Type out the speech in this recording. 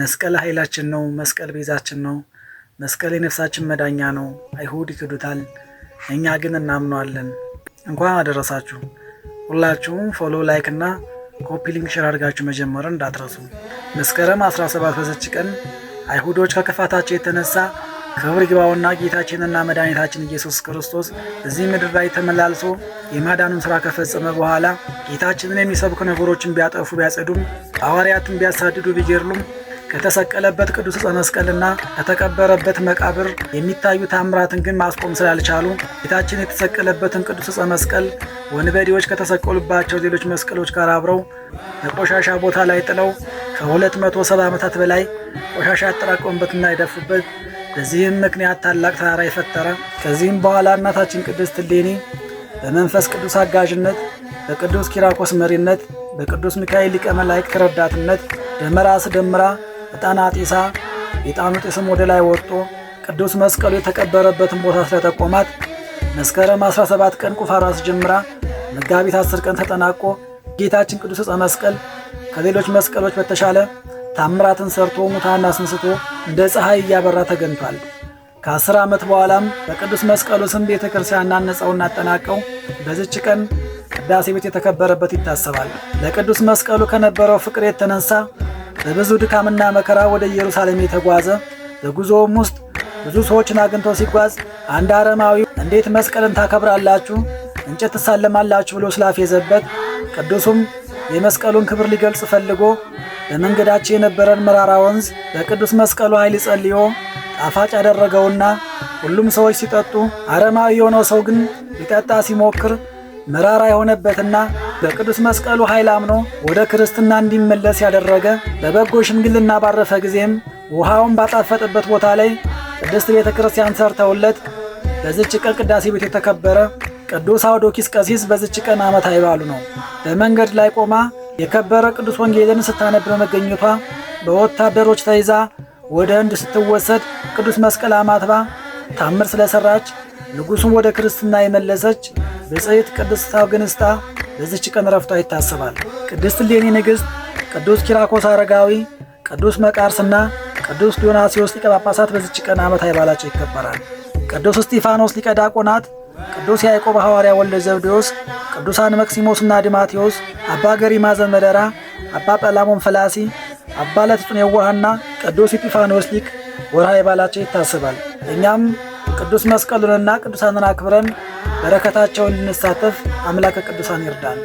መስቀል ኃይላችን ነው። መስቀል ቤዛችን ነው። መስቀል የነፍሳችን መዳኛ ነው። አይሁድ ይክዱታል፣ እኛ ግን እናምነዋለን። እንኳን አደረሳችሁ። ሁላችሁም ፎሎ፣ ላይክ እና ኮፒ ሊንክ ሸር አድርጋችሁ መጀመር እንዳትረሱ። መስከረም 17 በዘች ቀን አይሁዶች ከክፋታቸው የተነሳ ክብር ግባውና ጌታችንና መድኃኒታችን ኢየሱስ ክርስቶስ እዚህ ምድር ላይ ተመላልሶ የማዳኑን ሥራ ከፈጸመ በኋላ ጌታችንን የሚሰብኩ ነገሮችን ቢያጠፉ ቢያጸዱም ሐዋርያትን ቢያሳድዱ ቢገድሉም ከተሰቀለበት ቅዱስ ዕፀ መስቀልና ከተቀበረበት መቃብር የሚታዩ ታምራትን ግን ማስቆም ስላልቻሉ ጌታችን የተሰቀለበትን ቅዱስ ዕፀ መስቀል ወንበዴዎች ከተሰቀሉባቸው ሌሎች መስቀሎች ጋር አብረው በቆሻሻ ቦታ ላይ ጥለው ከ270 ዓመታት በላይ ቆሻሻ ያጠራቀሙበትና የደፉበት በዚህም ምክንያት ታላቅ ተራራ የፈጠረ ከዚህም በኋላ እናታችን ቅድስት እሌኒ በመንፈስ ቅዱስ አጋዥነት በቅዱስ ኪራቆስ መሪነት በቅዱስ ሚካኤል ሊቀ መላእክት ረዳትነት ደመራ አስደምራ ዕጣን አጢሳ የዕጣኑ ጢስም ወደ ላይ ወጥቶ ቅዱስ መስቀሉ የተቀበረበትን ቦታ ስለጠቆማት መስከረም 17 ቀን ቁፋራስ ጀምራ መጋቢት 10 ቀን ተጠናቆ ጌታችን ቅዱስ ዕፀ መስቀል ከሌሎች መስቀሎች በተሻለ ታምራትን ሰርቶ ሙታን አስነስቶ እንደ ፀሐይ እያበራ ተገኝቷል። ከአስር ዓመት በኋላም በቅዱስ መስቀሉ ስም ቤተ ክርስቲያን እናነጻው እናጠናቀው። በዚች ቀን ቅዳሴ ቤት የተከበረበት ይታሰባል። ለቅዱስ መስቀሉ ከነበረው ፍቅር የተነሳ በብዙ ድካምና መከራ ወደ ኢየሩሳሌም የተጓዘ በጉዞውም ውስጥ ብዙ ሰዎችን አግኝቶ ሲጓዝ አንድ አረማዊ እንዴት መስቀልን ታከብራላችሁ? እንጨት ትሳለማላችሁ? ብሎ ስላፌዘበት ቅዱሱም የመስቀሉን ክብር ሊገልጽ ፈልጎ በመንገዳቸው የነበረን መራራ ወንዝ በቅዱስ መስቀሉ ኃይል ጸልዮ ጣፋጭ ያደረገውና ሁሉም ሰዎች ሲጠጡ አረማዊ የሆነው ሰው ግን ሊጠጣ ሲሞክር መራራ የሆነበትና በቅዱስ መስቀሉ ኃይል አምኖ ወደ ክርስትና እንዲመለስ ያደረገ በበጎ ሽምግልና ባረፈ ጊዜም ውሃውን ባጣፈጠበት ቦታ ላይ ቅድስት ቤተ ክርስቲያን ሰርተውለት በዝች ቀን ቅዳሴ ቤት የተከበረ ቅዱስ አውዶኪስ ቀሲስ በዝች ቀን ዓመት አይባሉ ነው። በመንገድ ላይ ቆማ የከበረ ቅዱስ ወንጌልን ስታነብ በመገኘቷ በወታደሮች ተይዛ ወደ ህንድ ስትወሰድ ቅዱስ መስቀል አማትባ ታምር ስለሰራች ንጉሱን ወደ ክርስትና የመለሰች ብጽዕት ቅድስት አውግንስታ ለዚች ቀን ረፍቷ ይታሰባል። ቅድስት እሌኒ ንግሥት፣ ቅዱስ ኪራኮስ አረጋዊ፣ ቅዱስ መቃርስና ቅዱስ ዲዮናስዮስ ሊቀ ጳጳሳት በዚች ቀን ዓመታዊ በዓላቸው ይከበራል። ቅዱስ እስጢፋኖስ ሊቀ ዲያቆናት፣ ቅዱስ ያዕቆብ ሐዋርያ ወልደ ዘብዴዎስ፣ ቅዱሳን መክሲሞስና ዲማቴዎስ፣ አባ ገሪማ ዘመደራ፣ አባ ጰላሞን ፈላሲ፣ አባ ለትጹን የዋህና ቅዱስ ኢጲፋኖስ ሊቅ ወርሃዊ በዓላቸው ይታሰባል። እኛም ቅዱስ መስቀሉንና ቅዱሳንን አክብረን በረከታቸውን እንድንሳተፍ አምላከ ቅዱሳን ይርዳል።